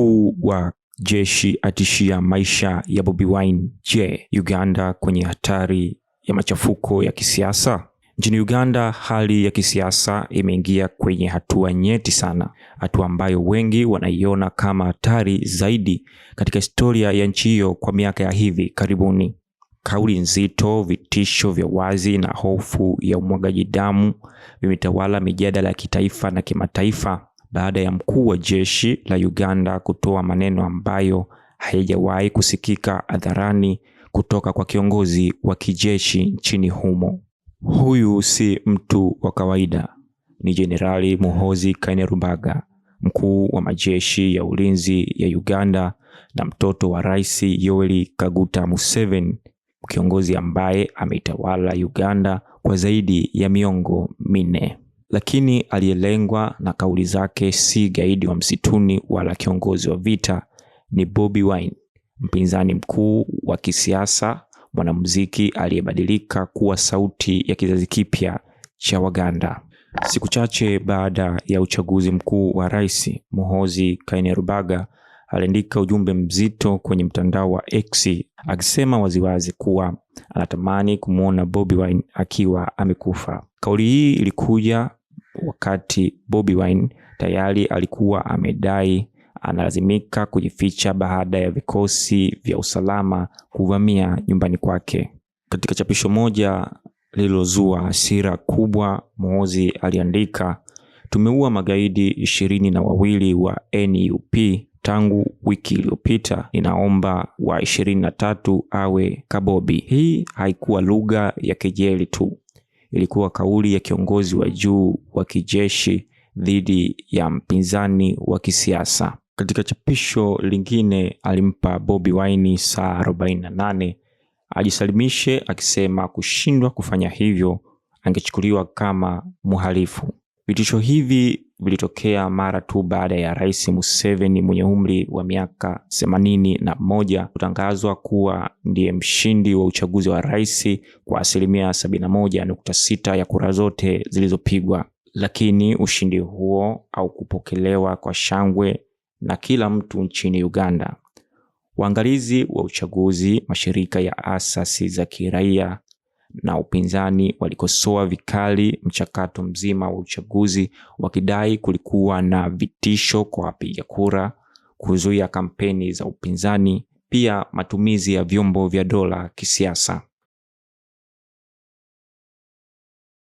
Mkuu wa jeshi atishia maisha ya Bobi Wine. Je, Uganda kwenye hatari ya machafuko ya kisiasa? Nchini Uganda hali ya kisiasa imeingia kwenye hatua nyeti sana, hatua ambayo wengi wanaiona kama hatari zaidi katika historia ya nchi hiyo kwa miaka ya hivi karibuni. Kauli nzito, vitisho vya wazi na hofu ya umwagaji damu vimetawala mijadala ya kitaifa na kimataifa baada ya mkuu wa jeshi la Uganda kutoa maneno ambayo hayajawahi kusikika hadharani kutoka kwa kiongozi wa kijeshi nchini humo. Huyu si mtu wa kawaida, ni Jenerali muhozi kainerubaga mkuu wa majeshi ya ulinzi ya Uganda na mtoto wa Rais Yoweri Kaguta Museveni, kiongozi ambaye ameitawala Uganda kwa zaidi ya miongo minne lakini aliyelengwa na kauli zake si gaidi wa msituni wala kiongozi wa vita, ni Bobi Wine, mpinzani mkuu wa kisiasa, mwanamuziki aliyebadilika kuwa sauti ya kizazi kipya cha Waganda. Siku chache baada ya uchaguzi mkuu wa rais, mohozi kainerubaga aliandika ujumbe mzito kwenye mtandao wa X akisema waziwazi kuwa anatamani kumwona Bobi Wine akiwa amekufa. Kauli hii ilikuja wakati Bobi Wine tayari alikuwa amedai analazimika kujificha baada ya vikosi vya usalama kuvamia nyumbani kwake. Katika chapisho moja lililozua hasira kubwa, Muhoozi aliandika, tumeua magaidi ishirini na wawili wa NUP tangu wiki iliyopita. Ninaomba wa ishirini na tatu awe Kabobi. Hii haikuwa lugha ya kejeli tu, ilikuwa kauli ya kiongozi wa juu wa kijeshi dhidi ya mpinzani wa kisiasa. Katika chapisho lingine alimpa Bobi Wine saa 48 ajisalimishe, akisema kushindwa kufanya hivyo angechukuliwa kama mhalifu. Vitisho hivi vilitokea mara tu baada ya Rais Museveni mwenye umri wa miaka themanini na moja kutangazwa kuwa ndiye mshindi wa uchaguzi wa rais kwa asilimia sabini na moja nukta sita ya kura zote zilizopigwa. Lakini ushindi huo haukupokelewa kwa shangwe na kila mtu nchini Uganda. Waangalizi wa uchaguzi, mashirika ya asasi za kiraia na upinzani walikosoa vikali mchakato mzima wa uchaguzi, wakidai kulikuwa na vitisho kwa wapiga kura, kuzuia kampeni za upinzani, pia matumizi ya vyombo vya dola kisiasa.